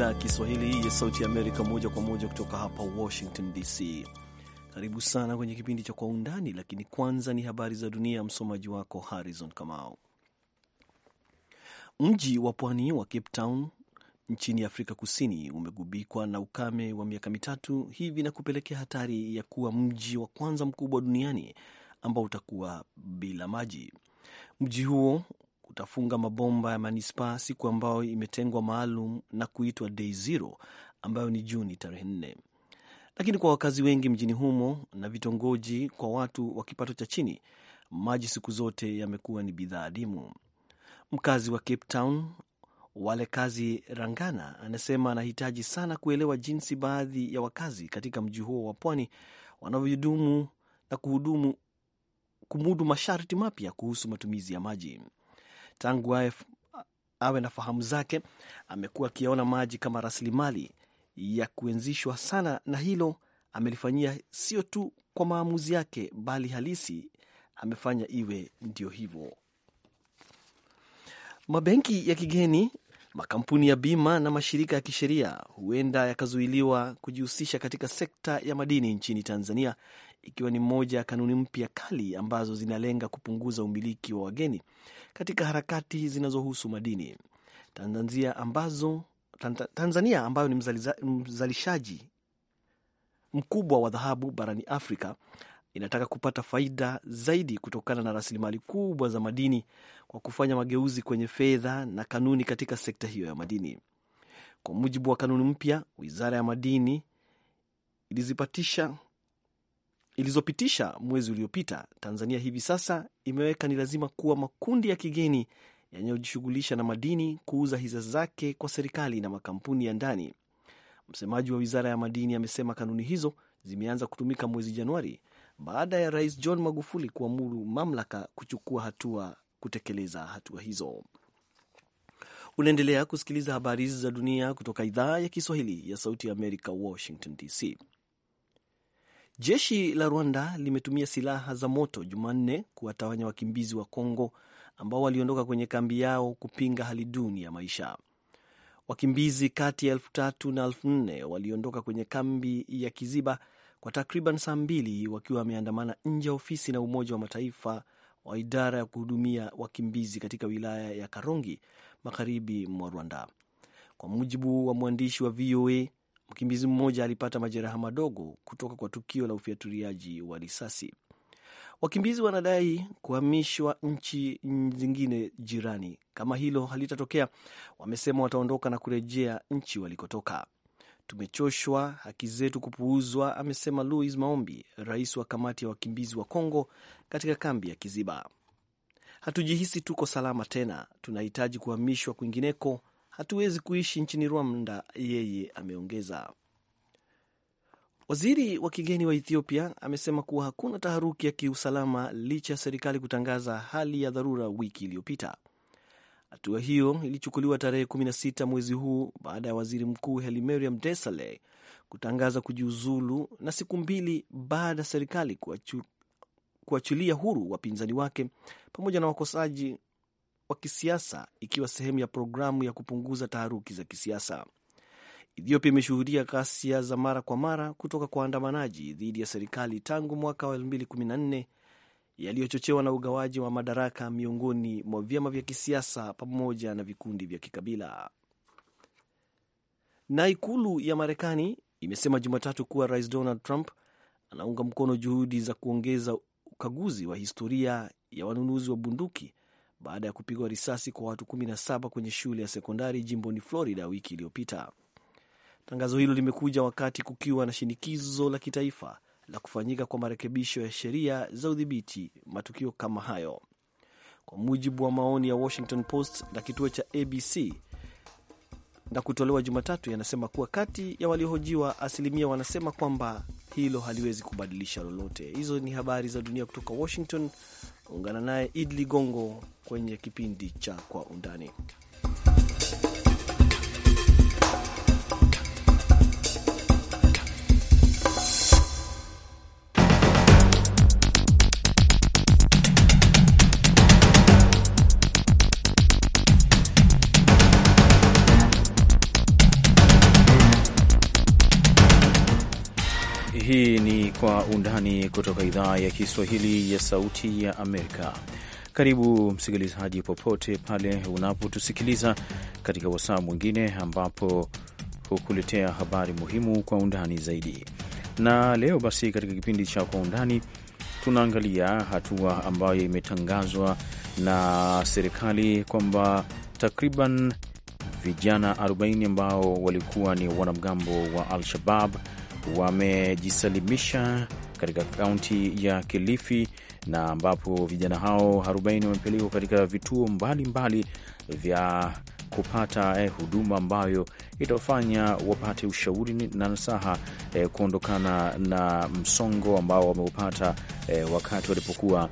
idhaa ya Kiswahili ya Sauti ya Amerika, moja kwa moja kutoka hapa Washington DC. Karibu sana kwenye kipindi cha Kwa Undani, lakini kwanza ni habari za dunia. Msomaji wako Harrison Kamau. Mji wa pwani wa Cape Town nchini Afrika Kusini umegubikwa na ukame wa miaka mitatu hivi na kupelekea hatari ya kuwa mji wa kwanza mkubwa duniani ambao utakuwa bila maji. Mji huo kutafunga mabomba ya manispaa siku ambayo imetengwa maalum na kuitwa Day Zero ambayo ni Juni tarehe nne, lakini kwa wakazi wengi mjini humo na vitongoji kwa watu wa kipato cha chini, maji siku zote yamekuwa ni bidhaa adimu. Mkazi wa Cape Town Walekazi Rangana anasema anahitaji sana kuelewa jinsi baadhi ya wakazi katika mji huo wa pwani wanavyodumu na kuhudumu kumudu masharti mapya kuhusu matumizi ya maji. Tangu awe na fahamu zake, amekuwa akiyaona maji kama rasilimali ya kuenzishwa sana, na hilo amelifanyia sio tu kwa maamuzi yake, bali halisi amefanya iwe ndio hivyo. Mabenki ya kigeni, makampuni ya bima na mashirika ya kisheria huenda yakazuiliwa kujihusisha katika sekta ya madini nchini Tanzania ikiwa ni moja ya kanuni mpya kali ambazo zinalenga kupunguza umiliki wa wageni katika harakati zinazohusu madini. Tanzania, ambazo, Tanzania ambayo ni mzalishaji mkubwa wa dhahabu barani Afrika inataka kupata faida zaidi kutokana na rasilimali kubwa za madini kwa kufanya mageuzi kwenye fedha na kanuni katika sekta hiyo ya madini. Kwa mujibu wa kanuni mpya, Wizara ya Madini ilizipatisha ilizopitisha mwezi uliopita, Tanzania hivi sasa imeweka ni lazima kuwa makundi ya kigeni yanayojishughulisha na madini kuuza hisa zake kwa serikali na makampuni ya ndani. Msemaji wa wizara ya madini amesema kanuni hizo zimeanza kutumika mwezi Januari baada ya Rais John Magufuli kuamuru mamlaka kuchukua hatua kutekeleza hatua hizo. Unaendelea kusikiliza habari hizi za dunia kutoka idhaa ya Kiswahili ya Sauti ya Amerika, Washington DC. Jeshi la Rwanda limetumia silaha za moto Jumanne kuwatawanya wakimbizi wa Kongo ambao waliondoka kwenye kambi yao kupinga hali duni ya maisha. Wakimbizi kati ya elfu tatu na elfu nne waliondoka kwenye kambi ya Kiziba kwa takriban saa mbili wakiwa wameandamana nje ya ofisi na Umoja wa Mataifa wa idara ya kuhudumia wakimbizi katika wilaya ya Karongi, magharibi mwa Rwanda, kwa mujibu wa mwandishi wa VOA. Mkimbizi mmoja alipata majeraha madogo kutoka kwa tukio la ufiaturiaji wa risasi. Wakimbizi wanadai kuhamishwa nchi zingine jirani. Kama hilo halitatokea, wamesema wataondoka na kurejea nchi walikotoka. Tumechoshwa haki zetu kupuuzwa, amesema Louis Maombi, rais wa kamati ya wakimbizi wa Kongo katika kambi ya Kiziba. Hatujihisi tuko salama tena, tunahitaji kuhamishwa kwingineko, hatuwezi kuishi nchini Rwanda, yeye ameongeza. Waziri wa kigeni wa Ethiopia amesema kuwa hakuna taharuki ya kiusalama licha ya serikali kutangaza hali ya dharura wiki iliyopita. Hatua hiyo ilichukuliwa tarehe 16 mwezi huu baada ya waziri mkuu Hailemariam Desalegn kutangaza kujiuzulu na siku mbili baada ya serikali kuachilia huru wapinzani wake pamoja na wakosaji wa kisiasa ikiwa sehemu ya programu ya kupunguza taharuki za kisiasa. Ethiopia imeshuhudia ghasia za mara kwa mara kutoka kwa waandamanaji dhidi ya serikali tangu mwaka wa 2014 yaliyochochewa na ugawaji wa madaraka miongoni mwa vyama vya kisiasa pamoja na vikundi vya kikabila. Na ikulu ya Marekani imesema Jumatatu kuwa Rais Donald Trump anaunga mkono juhudi za kuongeza ukaguzi wa historia ya wanunuzi wa bunduki baada ya kupigwa risasi kwa watu 17 kwenye shule ya sekondari jimboni Florida wiki iliyopita. Tangazo hilo limekuja wakati kukiwa na shinikizo la kitaifa la kufanyika kwa marekebisho ya sheria za udhibiti matukio kama hayo. Kwa mujibu wa maoni ya Washington Post na kituo cha ABC na kutolewa Jumatatu, yanasema kuwa kati ya waliohojiwa asilimia wanasema kwamba hilo haliwezi kubadilisha lolote. Hizo ni habari za dunia kutoka Washington. Ungana naye Id Ligongo kwenye kipindi cha Kwa Undani. Kwa Undani kutoka idhaa ya Kiswahili ya Sauti ya Amerika. Karibu msikilizaji, popote pale unapotusikiliza katika wasaa mwingine ambapo hukuletea habari muhimu kwa undani zaidi. Na leo basi, katika kipindi cha Kwa Undani tunaangalia hatua ambayo imetangazwa na serikali kwamba takriban vijana 40 ambao walikuwa ni wanamgambo wa Al-Shabab wamejisalimisha katika kaunti ya Kilifi na ambapo vijana hao 40 wamepelekwa katika vituo mbalimbali mbali vya kupata eh, huduma ambayo itafanya wapate ushauri na nasaha eh, kuondokana na msongo ambao wameupata eh, wakati walipokuwa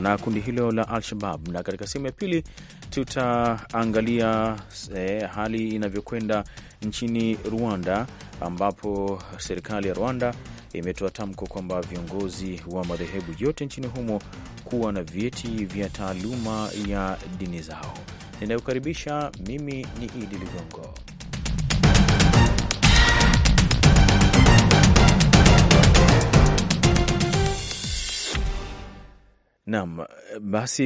na kundi hilo la Al-Shabab. Na katika sehemu ya pili tutaangalia eh, hali inavyokwenda nchini Rwanda, ambapo serikali ya Rwanda imetoa tamko kwamba viongozi wa madhehebu yote nchini humo kuwa na vyeti vya taaluma ya dini zao. Ninayokaribisha mimi ni Idi Ligongo. Naam, basi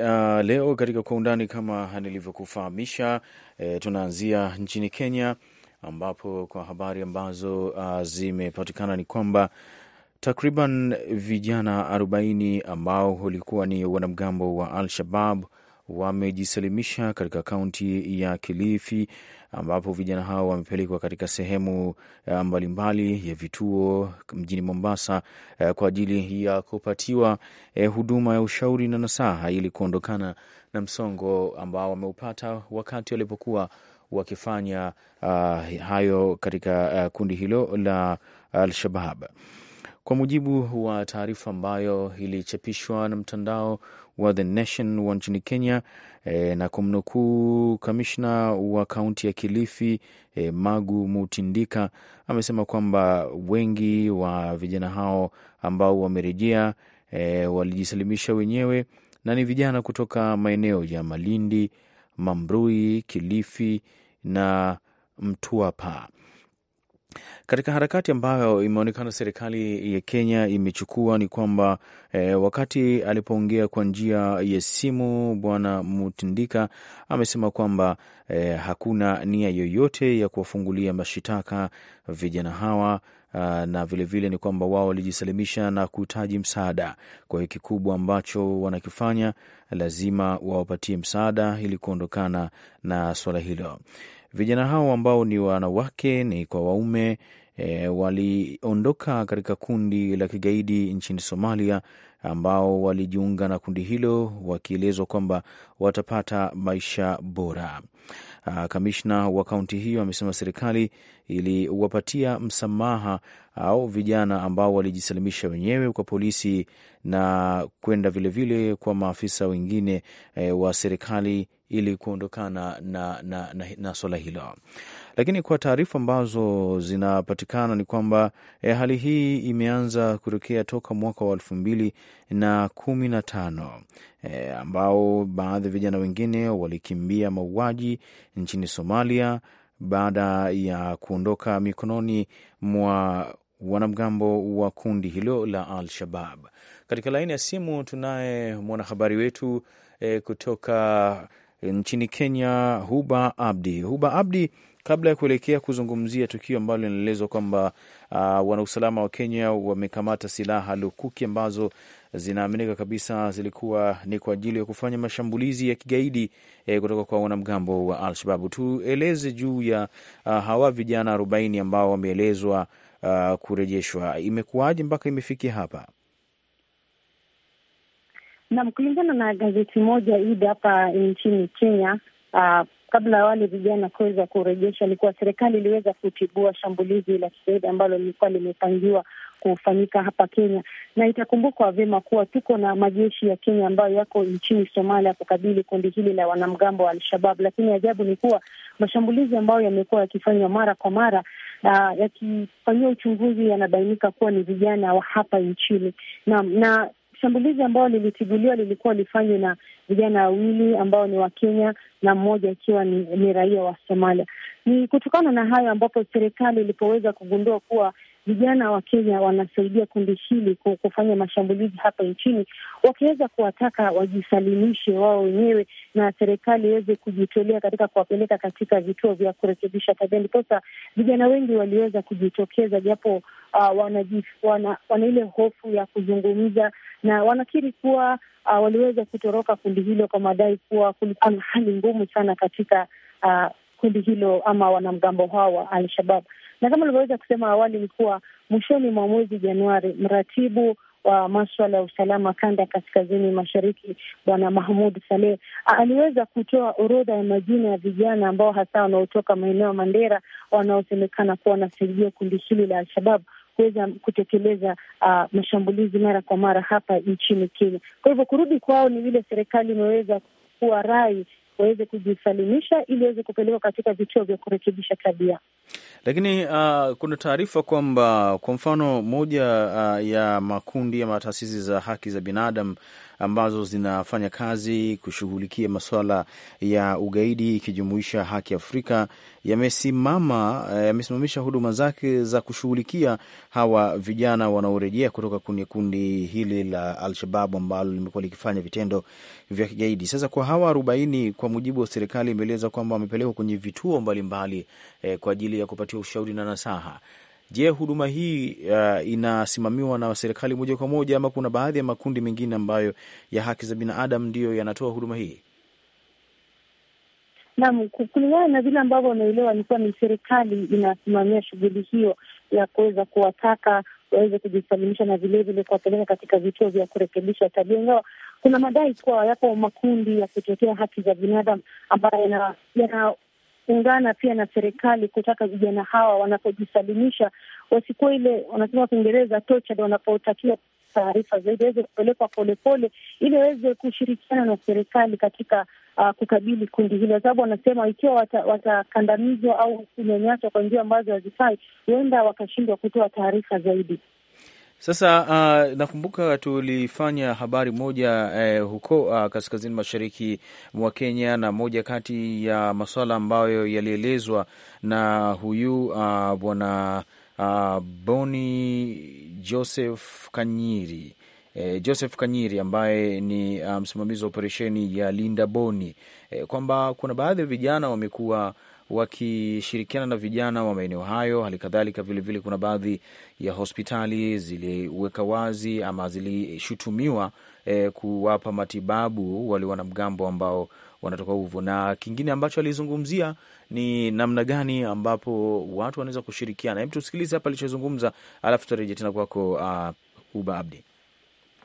uh, leo katika kwa undani kama nilivyokufahamisha, e, tunaanzia nchini Kenya ambapo kwa habari ambazo uh, zimepatikana ni kwamba takriban vijana 40 ambao walikuwa ni wanamgambo wa Al Shabab wamejisalimisha katika kaunti ya Kilifi ambapo vijana hao wamepelekwa katika sehemu eh, mbalimbali mbali ya vituo mjini Mombasa eh, kwa ajili ya kupatiwa eh, huduma ya ushauri na nasaha ili kuondokana na msongo ambao wameupata wakati walipokuwa wakifanya uh, hayo katika uh, kundi hilo la Al-Shabab. Kwa mujibu wa taarifa ambayo ilichapishwa na mtandao wa The Nation wa nchini Kenya e, na kumnukuu kamishna wa kaunti ya Kilifi e, Magu Mutindika amesema kwamba wengi wa vijana hao ambao wamerejea e, walijisalimisha wenyewe na ni vijana kutoka maeneo ya Malindi, Mambrui, Kilifi na mtuapa katika harakati ambayo imeonekana serikali ya Kenya imechukua ni kwamba e, wakati alipoongea kwa njia ya simu Bwana Mutindika amesema kwamba e, hakuna nia yoyote ya kuwafungulia mashitaka vijana hawa ah, na vilevile vile ni kwamba wao walijisalimisha na kuhitaji msaada. Kwa hiyo kikubwa ambacho wanakifanya lazima wawapatie msaada ili kuondokana na swala hilo. Vijana hao ambao ni wanawake ni kwa waume e, waliondoka katika kundi la kigaidi nchini Somalia, ambao walijiunga na kundi hilo wakielezwa kwamba watapata maisha bora. Kamishna wa kaunti hiyo amesema serikali iliwapatia msamaha au vijana ambao walijisalimisha wenyewe kwa polisi na kwenda vilevile kwa maafisa wengine e, wa serikali ili kuondokana na, na, na, na swala hilo. Lakini kwa taarifa ambazo zinapatikana ni kwamba eh, hali hii imeanza kutokea toka mwaka wa elfu mbili na kumi na tano eh, ambao baadhi ya vijana wengine walikimbia mauaji nchini Somalia baada ya kuondoka mikononi mwa wanamgambo wa kundi hilo la Al-Shabab. Katika laini ya simu tunaye mwanahabari wetu eh, kutoka nchini Kenya, Huba Abdi. Huba Abdi, kabla ya kuelekea kuzungumzia tukio ambalo linaelezwa kwamba uh, wanausalama wa Kenya wamekamata silaha lukuki ambazo zinaaminika kabisa zilikuwa ni kwa ajili ya kufanya mashambulizi ya kigaidi eh, kutoka kwa wanamgambo wa Alshababu, tueleze juu ya uh, hawa vijana arobaini ambao wameelezwa uh, kurejeshwa. Imekuwaje mpaka imefikia hapa? Nam, kulingana na gazeti moja ida hapa nchini Kenya, uh, kabla ya wale vijana kuweza kurejesha, ni kuwa serikali iliweza kutibua shambulizi la kigaidi ambalo lilikuwa limepangiwa kufanyika hapa Kenya, na itakumbukwa vyema kuwa tuko na majeshi ya Kenya ambayo yako nchini Somalia kukabili kundi hili la wanamgambo wa alshabab Lakini ajabu ni kuwa mashambulizi ambayo yamekuwa yakifanywa mara kwa mara ah, yakifanyiwa uchunguzi, yanabainika kuwa ni vijana wa hapa nchini na, na shambulizi ambao lilitibuliwa lilikuwa lifanywe na vijana wawili ambao ni Wakenya na mmoja akiwa ni, ni raia wa Somalia. Ni kutokana na hayo ambapo serikali ilipoweza kugundua kuwa vijana wa Kenya wanasaidia kundi hili kufanya mashambulizi hapa nchini, wakiweza kuwataka wajisalimishe wao wenyewe na serikali iweze kujitolea katika kuwapeleka katika vituo vya kurekebisha tabia. Ndiposa vijana wengi waliweza kujitokeza, japo uh, ah, wana, wana, wana ile hofu ya kuzungumza na wanakiri kuwa uh, waliweza kutoroka kundi hilo kwa madai kuwa kulikuwa na hali ngumu sana katika uh, kundi hilo ama wanamgambo hao wa Al-Shabab. Na kama ulivyoweza kusema awali, ni kuwa mwishoni mwa mwezi Januari, mratibu wa maswala ya usalama kanda ya kaskazini mashariki, Bwana Mahmud Saleh aliweza kutoa orodha ya majina ya vijana ambao hasa wanaotoka maeneo ya Mandera wanaosemekana kuwa wanasaidia kundi hili la Alshabab kuweza kutekeleza uh, mashambulizi mara kwa mara hapa nchini Kenya. Kwa hivyo kurudi kwao ni vile serikali imeweza kuwa rai waweze kujisalimisha ili waweze kupelekwa katika vituo vya kurekebisha tabia. Lakini uh, kuna taarifa kwamba kwa mfano moja uh, ya makundi ama taasisi za haki za binadamu ambazo zinafanya kazi kushughulikia masuala ya ugaidi ikijumuisha Haki Afrika yamesimama uh, yamesimamisha huduma zake za kushughulikia hawa vijana wanaorejea kutoka kwenye kundi hili la Alshababu ambalo limekuwa likifanya vitendo vya kigaidi. Sasa kwa hawa arobaini kwa mujibu wa serikali imeeleza kwamba wamepelekwa kwenye vituo mbalimbali mbali, eh, kwa ajili ya kupatiwa ushauri na nasaha. Je, huduma hii uh, inasimamiwa na serikali moja kwa moja ama kuna baadhi ya makundi mengine ambayo ya haki za binadamu ndiyo yanatoa huduma hii? Naam, kulingana na vile ambavyo wameelewa ni kuwa ni serikali inasimamia shughuli hiyo ya kuweza kuwataka waweze kujisalimisha na vilevile kuwapeleka katika vituo vya kurekebisha tabia, ingawa kuna madai kuwa yapo makundi ya kutetea haki za binadamu ambayo yanaungana pia na serikali kutaka vijana hawa wanapojisalimisha wasikuwa ile wanasema Kiingereza tocha wanapotakiwa taarifa zaidi aweze kupelekwa polepole, ili waweze kushirikiana na serikali katika uh, kukabili kundi hilo, sababu wanasema ikiwa watakandamizwa wata au kunyanyaswa kwa njia ambazo hazifai, huenda wakashindwa kutoa taarifa zaidi. Sasa uh, nakumbuka tulifanya habari moja eh, huko uh, kaskazini mashariki mwa Kenya, na moja kati ya masuala ambayo yalielezwa na huyu uh, bwana uh, Boni Joseph Kanyiri eh, Joseph Kanyiri ambaye ni uh, msimamizi um, wa operesheni ya Linda Boni eh, kwamba kuna baadhi ya vijana wamekuwa wakishirikiana na vijana wa maeneo hayo. Hali kadhalika vilevile, kuna baadhi ya hospitali ziliweka wazi ama zilishutumiwa eh, kuwapa matibabu wale wanamgambo ambao wanatoka Uvu. Na kingine ambacho alizungumzia ni namna gani ambapo watu wanaweza kushirikiana. Hebu tusikilize hapa alichozungumza, alafu tutarejea tena kwako uh, Uba Abdi.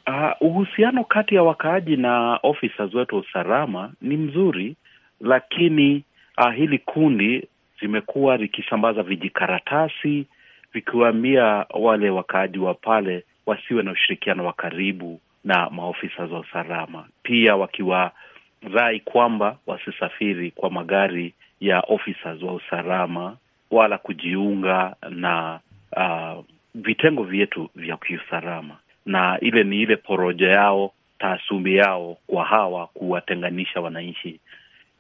Uh, uhusiano kati ya wakaaji na ofisa wetu wa usalama ni mzuri, lakini uh, hili kundi zimekuwa likisambaza vijikaratasi vikiwaambia wale wakaaji wa pale wasiwe na ushirikiano wa karibu na maofisa za usalama, pia wakiwarai kwamba wasisafiri kwa magari ya ofisa wa usalama wala kujiunga na uh, vitengo vyetu vya kiusalama, na ile ni ile poroja yao, taasumi yao kwa hawa kuwatenganisha wananchi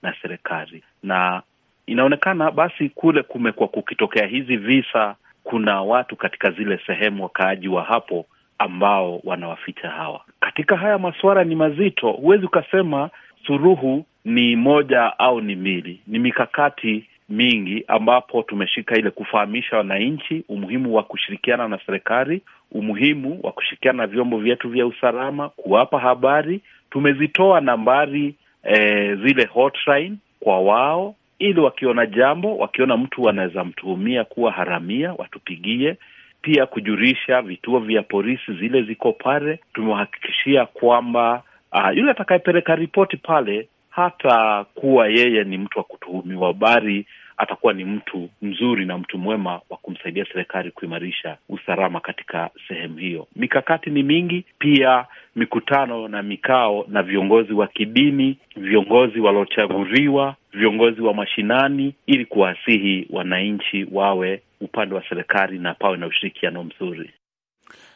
na serikali, na inaonekana basi kule kumekuwa kukitokea hizi visa. Kuna watu katika zile sehemu, wakaaji wa hapo ambao wanawaficha hawa. Katika haya masuala ni mazito, huwezi ukasema suluhu ni moja au ni mbili, ni mikakati mingi ambapo tumeshika ile kufahamisha wananchi umuhimu wa kushirikiana na serikali, umuhimu wa kushirikiana na vyombo vyetu vya usalama, kuwapa habari. Tumezitoa nambari e, zile hotline kwa wao, ili wakiona jambo, wakiona mtu anaweza mtuhumia kuwa haramia, watupigie pia kujurisha vituo vya polisi zile ziko pale. Tumewahakikishia kwamba uh, yule atakayepeleka ripoti pale hata kuwa yeye ni mtu wa kutuhumiwa, bari atakuwa ni mtu mzuri na mtu mwema wa kumsaidia serikali kuimarisha usalama katika sehemu hiyo. Mikakati ni mingi, pia mikutano na mikao na viongozi wa kidini, viongozi waliochaguliwa, viongozi wa mashinani, ili kuwasihi wananchi wawe upande wa serikali na pawe na ushirikiano mzuri.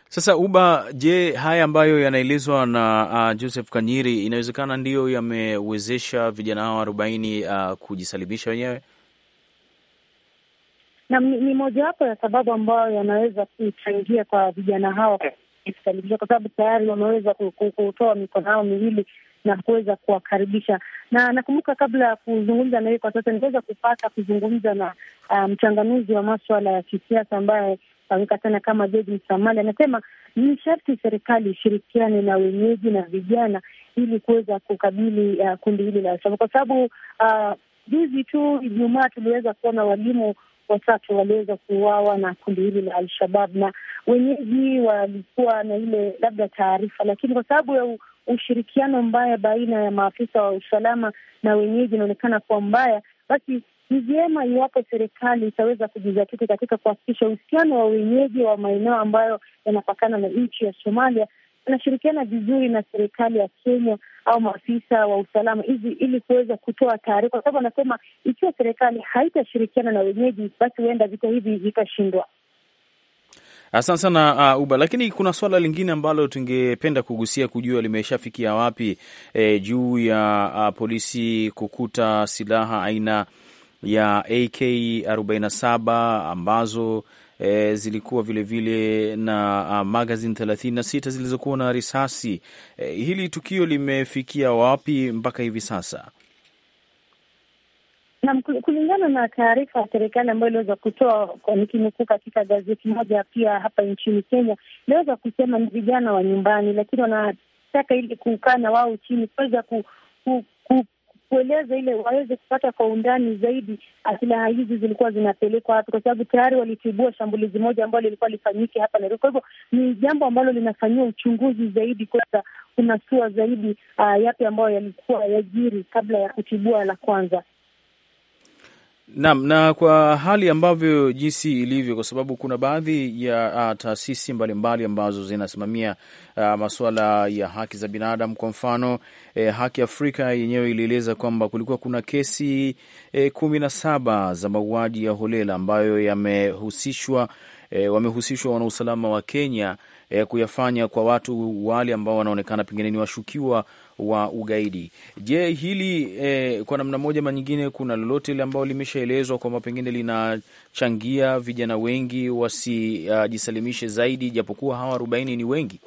Sasa uba, je, haya ambayo yanaelezwa na uh, Joseph Kanyiri inawezekana ndiyo yamewezesha vijana hao arobaini uh, kujisalimisha wenyewe? na ni mojawapo ya sababu ambayo yanaweza kuchangia kwa vijana hawa kujistaajabisha, kwa sababu tayari wameweza kutoa mikono yao miwili na kuweza kuwakaribisha. Na nakumbuka kabla ya kuzungumza na yeye kwa sasa, niweza kupata kuzungumza na um, mchanganuzi um, wa maswala ya kisiasa ambaye fahamika sana kama George Msamali. Anasema ni sharti serikali ishirikiane na wenyeji na vijana ili kuweza kukabili uh, kundi hili la Alshababu kwa sababu uh, juzi tu Ijumaa tuliweza kuona walimu watatu waliweza kuuawa na kundi hili la Alshabab, na wenyeji walikuwa na ile labda taarifa, lakini kwa sababu ya ushirikiano mbaya baina ya maafisa wa usalama na wenyeji inaonekana kuwa mbaya, basi ni vyema iwapo serikali itaweza kujizatiti katika kuhakikisha uhusiano wa wenyeji wa maeneo ambayo yanapakana na nchi ya Somalia anashirikiana vizuri na serikali ya Kenya au maafisa wa usalama hizi ili kuweza kutoa taarifa, kwa sababu anasema ikiwa serikali haitashirikiana na wenyeji, basi huenda vita hivi vitashindwa. Asante sana uh, Uba, lakini kuna suala lingine ambalo tungependa kugusia kujua limeshafikia wapi, eh, juu ya uh, polisi kukuta silaha aina ya AK 47 ambazo e, zilikuwa vilevile vile na a, magazine thelathini na sita zilizokuwa na risasi e, hili tukio limefikia wapi mpaka hivi sasa? Naam, kulingana na taarifa ya serikali ambayo iliweza kutoa kwa nikinukuu katika gazeti moja pia hapa nchini Kenya, inaweza kusema ni vijana wa nyumbani, lakini wanataka ili kuukana wao chini kuweza ku, ku, ku kueleza ile waweze kupata kwa undani zaidi silaha hizi zilikuwa zinapelekwa wapi, kwa sababu tayari walitibua shambulizi moja ambalo lilikuwa lifanyike hapa Nairobi. Kwa hivyo ni jambo ambalo linafanyiwa uchunguzi zaidi, kuna kunasua zaidi uh, yapi ambayo yalikuwa yajiri kabla ya kutibua la kwanza. Naam, na kwa hali ambavyo jinsi ilivyo, kwa sababu kuna baadhi ya uh, taasisi mbalimbali ambazo zinasimamia uh, masuala ya haki za binadamu. Kwa mfano eh, Haki Afrika yenyewe ilieleza kwamba kulikuwa kuna kesi eh, kumi na saba za mauaji ya holela ambayo yamehusishwa eh, wamehusishwa wanausalama wa Kenya eh, kuyafanya kwa watu wale ambao wanaonekana pengine ni washukiwa wa ugaidi. Je, hili eh, kwa namna moja ama nyingine kuna lolote ile ambalo limeshaelezwa kwamba pengine linachangia vijana wengi wasijisalimishe uh, zaidi, japokuwa hawa arobaini ni wengi?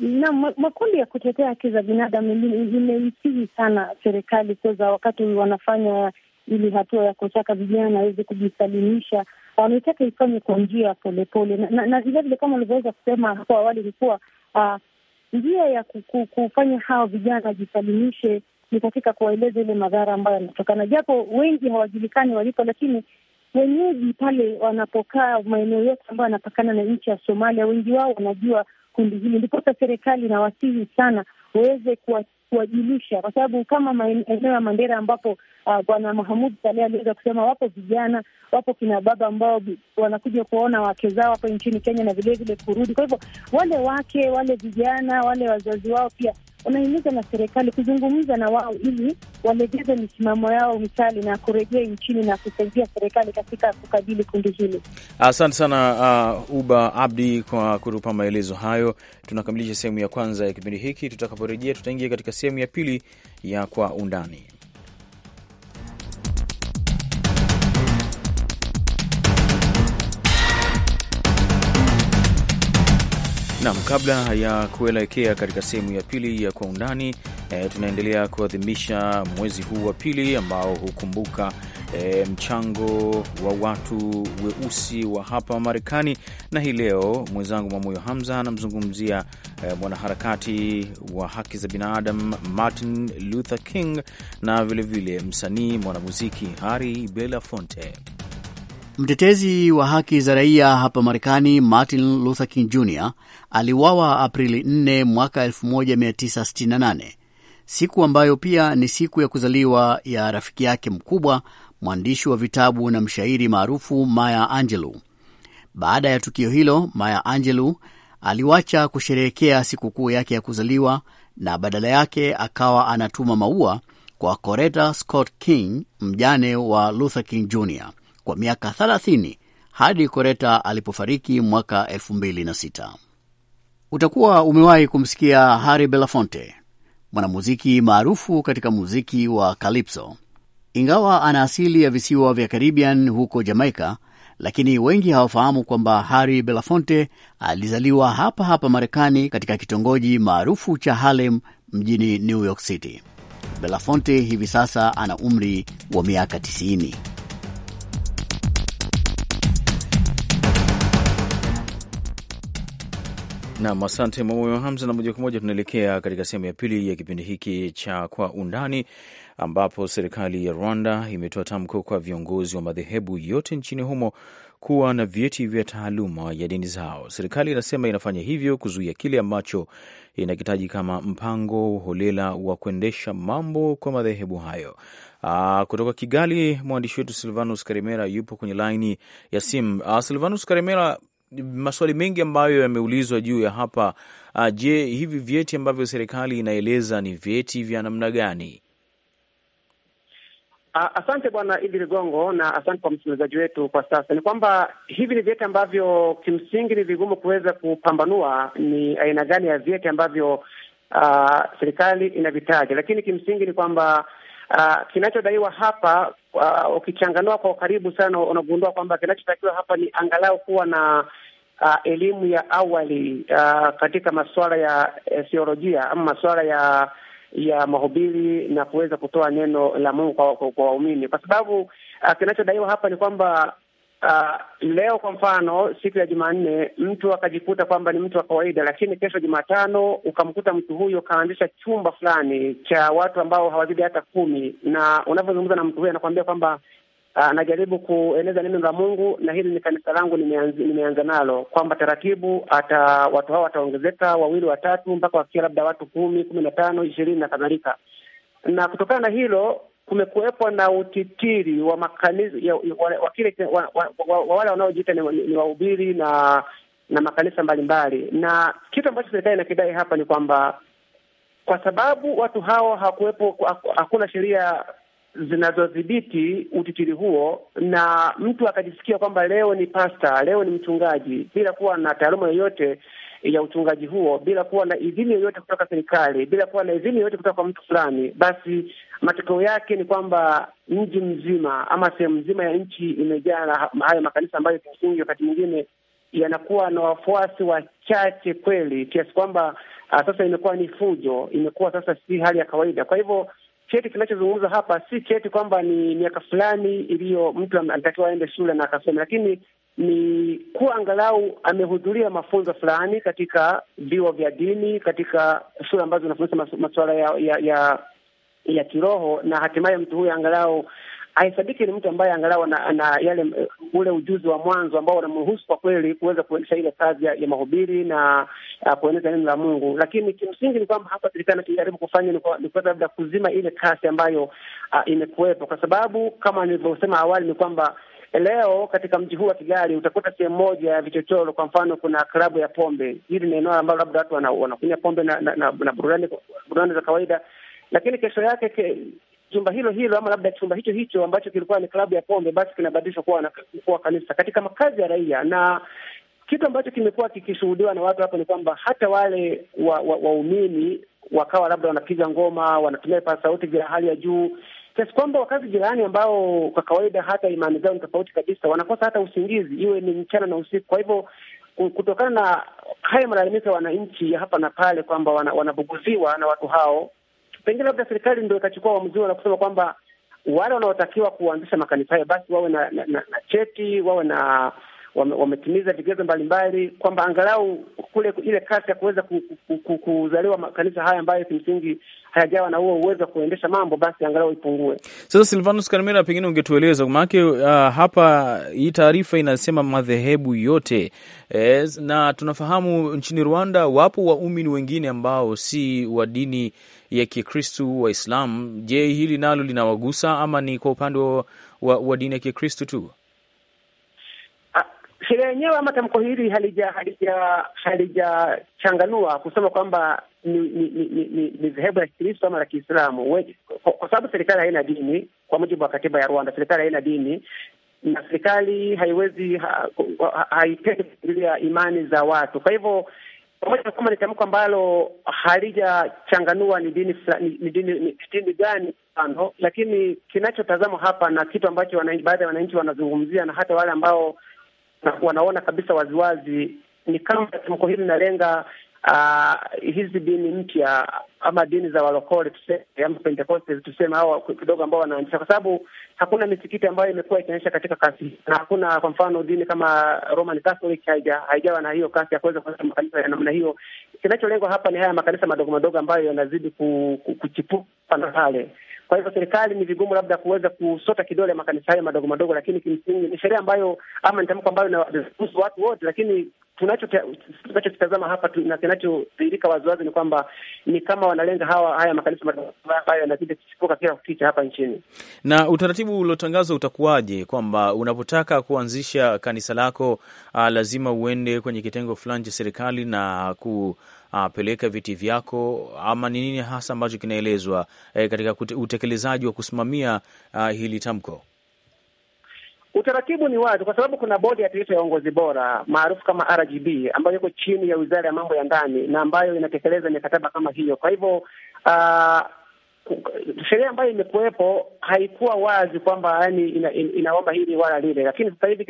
na makundi ya kutetea haki za binadamu limeisihi sana serikali kuweza, wakati wanafanya ili hatua ya kutaka vijana waweze kujisalimisha, wanaitaka ifanye kwa njia polepole, na vilevile kama walivyoweza kusema hapo awali ni kuwa ah, njia ya kufanya hawa vijana wajisalimishe ni katika kuwaeleza ile madhara ambayo yanatokana, japo wengi hawajulikani walipo, lakini wenyeji pale wanapokaa maeneo yote ambayo yanapakana na nchi ya Somalia, wengi wao wanajua kundi hili. Ndiposa serikali inawasihi sana waweze kuwajulisha, kwa sababu kama maeneo ya Mandera ambapo ah, bwana Mahamud Saleh aliweza kusema, wapo vijana, wapo kina baba ambao wanakuja kuona wake zao hapa nchini Kenya na vilevile kurudi. Kwa hivyo wale wake, wale vijana, wale wazazi wao pia wanahimizwa na serikali kuzungumza na wao ili walegeze misimamo yao mikali na kurejea nchini na kusaidia serikali katika kukabili kundi hili. Asante sana uh, Uba Abdi kwa kutupa maelezo hayo. Tunakamilisha sehemu ya kwanza ya kipindi hiki. Tutakaporejea, tutaingia katika sehemu ya pili ya Kwa Undani. Nam, kabla ya kuelekea katika sehemu ya pili ya kwa undani e, tunaendelea kuadhimisha mwezi huu wa pili ambao hukumbuka e, mchango wa watu weusi wa hapa Marekani, na hii leo mwenzangu Mwamoyo Hamza anamzungumzia e, mwanaharakati wa haki za binadamu Martin Luther King na vilevile msanii mwanamuziki Harry Belafonte. Mtetezi wa haki za raia hapa Marekani Martin Luther King Jr aliwawa Aprili 4 mwaka 1968, siku ambayo pia ni siku ya kuzaliwa ya rafiki yake mkubwa, mwandishi wa vitabu na mshairi maarufu Maya Angelou. Baada ya tukio hilo, Maya Angelou aliwacha kusherehekea sikukuu yake ya kuzaliwa na badala yake akawa anatuma maua kwa Coretta Scott King, mjane wa Luther King Jr kwa miaka 30 hadi Koreta alipofariki mwaka 2006. Utakuwa umewahi kumsikia Harry Belafonte, mwanamuziki maarufu katika muziki wa kalipso. Ingawa ana asili ya visiwa vya Caribbean huko Jamaica, lakini wengi hawafahamu kwamba Harry Belafonte alizaliwa hapa hapa Marekani, katika kitongoji maarufu cha Harlem mjini New York City. Belafonte hivi sasa ana umri wa miaka 90. Nam, asante Mwamoyo Hamza. Na moja kwa moja tunaelekea katika sehemu ya pili ya kipindi hiki cha Kwa Undani, ambapo serikali ya Rwanda imetoa tamko kwa viongozi wa madhehebu yote nchini humo kuwa na vyeti vya taaluma ya dini zao. Serikali inasema inafanya hivyo kuzuia kile ambacho inakitaji kama mpango holela wa kuendesha mambo kwa madhehebu hayo. Aa, ah, kutoka Kigali mwandishi wetu Silvanus Karimera yupo kwenye laini ya simu. Ah, Silvanus Karimera, maswali mengi ambayo yameulizwa juu ya hapa. Uh, je, hivi vyeti ambavyo serikali inaeleza ni vyeti vya namna gani? Ah, asante bwana Idi Ligongo, na asante kwa msikilizaji wetu. Kwa sasa ni kwamba hivi ni vyeti ambavyo kimsingi ni vigumu kuweza kupambanua ni aina gani ya vyeti ambavyo uh, serikali inavitaja, lakini kimsingi ni kwamba Uh, kinachodaiwa hapa uh, ukichanganua kwa ukaribu sana unagundua kwamba kinachotakiwa hapa ni angalau kuwa na uh, elimu ya awali uh, katika masuala ya eh, theolojia ama masuala ya ya mahubiri na kuweza kutoa neno la Mungu kwa waumini, kwa, kwa, kwa sababu uh, kinachodaiwa hapa ni kwamba Uh, leo kwa mfano siku ya Jumanne mtu akajikuta kwamba ni mtu wa kawaida, lakini kesho Jumatano ukamkuta mtu huyo kaanzisha chumba fulani cha watu ambao hawazidi hata kumi, na unavyozungumza na mtu huyo anakuambia kwamba anajaribu ah, kueneza neno la Mungu na hili ni kanisa langu nimeanza, nimeanza nalo, kwamba taratibu ata watu hao wataongezeka wawili watatu mpaka wafikia labda watu kumi, kumi na tano, ishirini na kadhalika. Na kutokana na hilo kumekuwepo na utitiri wa makanisa wa wale wanaojiita ni wahubiri na na makanisa mbalimbali, na kitu ambacho serikali inakidai hapa ni kwamba kwa sababu watu hao hakuwepo, hakuna sheria zinazodhibiti utitiri huo, na mtu akajisikia kwamba leo ni pasta, leo ni mchungaji, bila kuwa na taaluma yoyote, ya uchungaji huo bila kuwa na idhini yoyote kutoka serikali, bila kuwa na idhini yoyote kutoka kwa mtu fulani, basi matokeo yake ni kwamba mji mzima ama sehemu nzima ya nchi imejaa na haya makanisa ambayo kimsingi wakati mwingine yanakuwa na wafuasi wachache kweli, kiasi kwamba uh, sasa imekuwa ni fujo, imekuwa sasa si hali ya kawaida. Kwa hivyo cheti kinachozungumzwa hapa si cheti kwamba ni miaka fulani iliyo mtu anatakiwa aende shule na akasome, lakini ni kuwa angalau amehudhuria mafunzo fulani katika vyuo vya dini, katika shule ambazo zinafundisha masuala ya, ya ya ya kiroho, na hatimaye mtu huyo angalau ahesabiki ni mtu ambaye angalau ana, ana yale uh, ule ujuzi wa mwanzo ambao unamruhusu kwa kweli kuweza kuendesha ile kazi ya, ya mahubiri na uh, kueneza neno la Mungu. Lakini kimsingi ni kwamba hapa serikali inajaribu kufanya ni kuweza labda kuzima ile kasi ambayo uh, imekuwepo, kwa sababu kama nilivyosema awali ni kwamba leo katika mji huu wa Kigali utakuta sehemu moja ya vichochoro. Kwa mfano, kuna klabu ya pombe. Hili ni eneo ambalo labda watu wanakunywa pombe na, na, na, na burudani, burudani za kawaida, lakini kesho yake ke, chumba hilo hilo ama labda chumba hicho hicho ambacho kilikuwa ni klabu ya pombe basi kinabadilishwa kuwa, kuwa kanisa katika makazi ya raia. Na kitu ambacho kimekuwa kikishuhudiwa na watu hapo ni kwamba hata wale waumini wa, wa wakawa labda wanapiga ngoma, wanatumia vipaza sauti vya hali ya juu kiasi kwamba wakazi jirani ambao kwa kawaida hata imani zao ni tofauti kabisa wanakosa hata usingizi, iwe ni mchana na usiku. Kwa hivyo kutokana na haya malalamiko ya wananchi hapa na pale kwamba wanabuguziwa wana na watu hao, pengine labda serikali ndio ikachukua uamuzi na kusema kwamba wale wanaotakiwa kuanzisha makanisa hayo basi wawe na, na, na, na cheti wawe na wametimiza vigezo mbalimbali, kwamba angalau kule ile kasi ya kuweza kuzaliwa makanisa haya ambayo kimsingi hayajawa na huo uwezo wa kuendesha mambo, basi angalau ipungue. Sasa Silvanus Karmera, pengine ungetueleza maanake, uh, hapa hii taarifa inasema madhehebu yote yes, eh, na tunafahamu nchini Rwanda wapo waumini wengine ambao si wa dini ya Kikristu Waislamu. Je, hili nalo linawagusa ama ni kwa upande wa, wa, wa dini ya Kikristu tu? sheria yenyewe ama tamko hili halija halijachanganua kusema kwamba ni ni ni ni dhehebu la Kikristo ama la Kiislamu, kwa sababu serikali haina dini. Kwa mujibu wa katiba ya Rwanda, serikali haina dini na serikali haiwezi haipendi kuingilia imani za watu. Kwa hivyo pamoja na kwamba ni tamko ambalo halijachanganua ni dini ni dini gani ano, lakini kinachotazamwa hapa na kitu ambacho baadhi ya wananchi wanazungumzia na hata wale ambao na wanaona kabisa waziwazi ni kama tamko hili linalenga uh, hizi dini mpya ama dini za walokole tuseme, ama Pentecoste tuseme, au kidogo ambao wanaanzisha, kwa sababu hakuna misikiti ambayo imekuwa ikionyesha katika kasi, na hakuna kwa mfano dini kama Roman Catholic haija haijawa na hiyo kasi ya kuweza kuonyesha makanisa ya namna hiyo. Kinacholengwa hapa ni haya makanisa madogo madogo ambayo yanazidi ku, ku, kuchipuka na pale kwa hivyo serikali ni vigumu labda kuweza kusota kidole makanisa hayo madogo madogo, lakini kimsingi ni sheria ambayo ama ni tamko ambayo inahusu watu wote, lakini tunachotazama hapa tu, na kinachodhihirika waziwazi ni kwamba ni kama wanalenga hawa haya makanisa madogo ambayo yanazidi kuchipuka kila kukicha hapa nchini. Na utaratibu uliotangazwa utakuwaje? Kwamba unapotaka kuanzisha kanisa lako, ah, lazima uende kwenye kitengo fulani cha serikali na ku uh, peleka viti vyako, ama ni nini hasa ambacho kinaelezwa eh, katika utekelezaji wa kusimamia uh, hili tamko? Utaratibu ni wazi, kwa sababu kuna bodi ya taifa ya uongozi bora maarufu kama RGB ambayo iko chini ya wizara ya mambo ya ndani na ambayo inatekeleza mikataba kama hiyo. Kwa hivyo uh, sheria ambayo imekuwepo haikuwa wazi kwamba yani ina, inaomba hili wala lile, lakini sasa hivi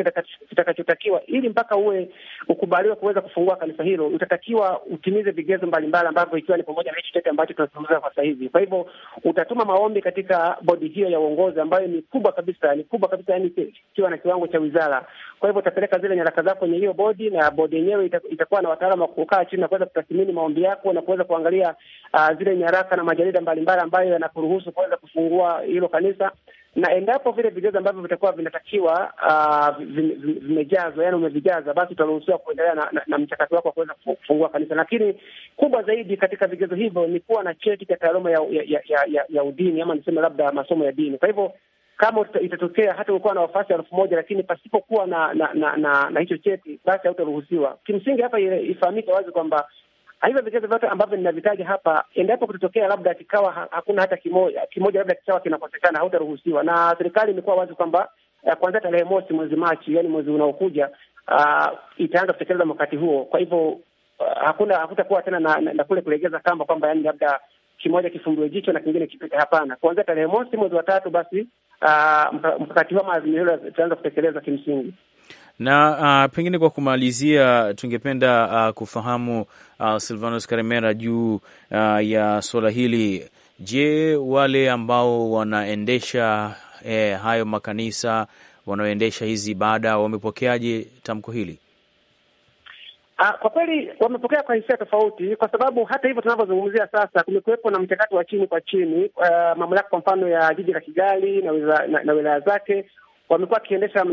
kitakachotakiwa ili mpaka uwe ukubaliwe kuweza kufungua kanisa hilo, utatakiwa utimize vigezo mbalimbali ambavyo ikiwa ni pamoja na hichi tete ambacho tunazungumza kwa sasa hivi. Kwa hivyo utatuma maombi katika bodi hiyo ya uongozi ambayo ni kubwa kabisa, ni kubwa kabisa, yani ikiwa na kiwango cha wizara. Kwa hivyo utapeleka zile nyaraka zako kwenye hiyo bodi, na bodi yenyewe itakuwa na wataalamu wa kukaa chini na kuweza kutathmini maombi yako na kuweza kuangalia uh, zile nyaraka na majarida mbalimbali ambayo ambayo yanakuruhusu kuweza kufungua hilo kanisa, na endapo vile vigezo ambavyo vitakuwa vinatakiwa uh, vimejazwa, yani umevijaza, basi utaruhusiwa kuendelea na, na, na mchakato wako wa kuweza kufungua kanisa. Lakini kubwa zaidi katika vigezo hivyo ni kuwa na cheti cha taaluma ya, ya, ya, ya, ya udini ama niseme labda masomo ya dini. Kwa hivyo kama itatokea hata ukuwa na wafasi elfu moja lakini pasipokuwa na na, na, na, na hicho cheti basi hautaruhusiwa. Kimsingi hapa ifahamike wazi kwamba hivyo vigezo vyote ambavyo ninavitaja hapa, endapo kutotokea labda kikawa hakuna hata kimoja kimoja, labda kikawa kinakosekana, hautaruhusiwa. Na serikali imekuwa wazi kwamba eh, kuanzia tarehe mosi mwezi Machi, yani mwezi unaokuja, uh, itaanza kutekeleza mkakati huo. Kwa hivyo uh, hakuna hakutakuwa tena na, na, na kule kulegeza kamba kwamba yani labda kimoja kifumbue jicho na kingine kipite. Hapana, kuanzia tarehe mosi mwezi wa tatu basi uh, mkakati huo maazimio hilo itaanza kutekeleza kimsingi. Na uh, pengine kwa kumalizia, ah, tungependa uh, kufahamu uh, Silvanus Karemera juu uh, ya suala hili. Je, wale ambao wanaendesha eh, hayo makanisa wanaoendesha hizi ibada wamepokeaje tamko hili? Uh, kwa kweli wamepokea kwa hisia tofauti, kwa sababu hata hivyo tunavyozungumzia sasa kumekuwepo na mchakato wa chini kwa chini. Uh, mamlaka kwa mfano ya jiji la Kigali na wilaya na, na zake wamekuwa wakiendesha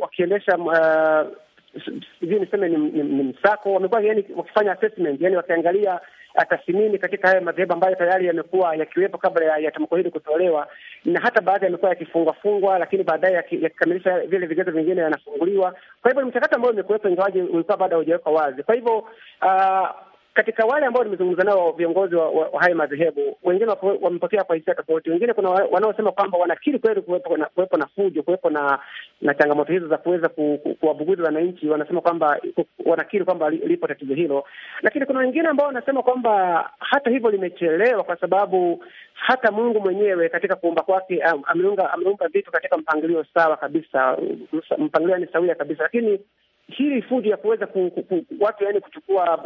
wakiendesha uh, sijui niseme ni, ni, ni msako wamekuwa yani, wakifanya assessment yani wakiangalia tathmini katika haya madhehebu ambayo tayari yamekuwa yakiwepo kabla ya, ya tamko hili kutolewa, na hata baadhi yamekuwa yakifungwafungwa, lakini baadaye yakikamilisha ya vile vigezo vingine yanafunguliwa. Kwa hivyo ni mchakato ambao umekuwepo, ingawaje ulikuwa bado haujawekwa wazi. Kwa hivyo uh, katika wale ambao nimezungumza nao viongozi wa, wa, wa haya madhehebu, wengine wamepokea kwa hisia tofauti. Wengine kuna wanaosema kwamba wanakiri kweli kuwepo na, kuwepo na fujo, kuwepo na na changamoto hizo za kuweza ku, ku, kuwabuguzi wananchi. Wanasema kwamba wanakiri kwamba lipo tatizo hilo, lakini kuna wengine ambao wanasema kwamba hata hivyo limechelewa, kwa sababu hata Mungu mwenyewe katika kuumba kwake ameunga ameunga vitu katika mpangilio sawa kabisa, mpangilio ni sawia kabisa, lakini hili fujo ya kuweza ku, ku, ku, watu yani kuchukua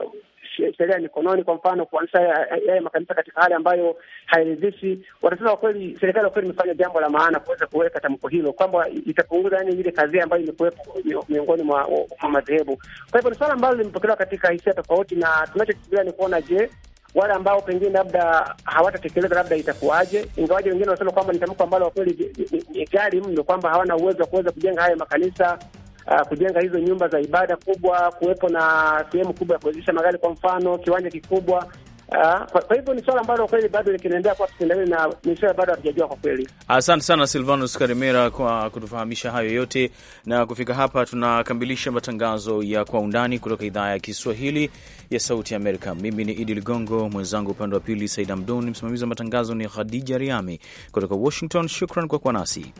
sheria ya mikononi, kwa mfano kuanzisha yale makanisa katika hali ambayo hairidhishi, watasema kweli serikali ya kweli imefanya jambo la maana kuweza kuweka tamko hilo, kwamba itapunguza yani ile kazi ambayo imekuwepo miongoni mwa madhehebu. Kwa hivyo ni swala ambalo limepokelewa katika hisia tofauti, na tunachokisikia ni kuona je wale ambao pengine labda hawatatekeleza labda itakuwaje? Ingawaje wengine wanasema kwamba ni tamko ambalo kweli ni gari mno, kwamba hawana uwezo wa kuweza kujenga haya makanisa uh, kujenga hizo nyumba za ibada kubwa, kuwepo na sehemu kubwa ya kuwezesha magari, kwa mfano kiwanja kikubwa. Ah, kwa, hivyo ni swala ambalo kweli bado linaendelea kwa kitendawili na ni swala bado hatujajua kwa kweli. Asante sana Silvanus Karimera kwa kutufahamisha hayo yote, na kufika hapa tunakamilisha matangazo ya kwa undani kutoka idhaa ya Kiswahili ya Sauti ya Amerika. Mimi ni Idi Ligongo, mwenzangu upande wa pili Said Amdon, msimamizi wa matangazo ni Khadija Riami kutoka Washington. Shukran kwa kuwa nasi.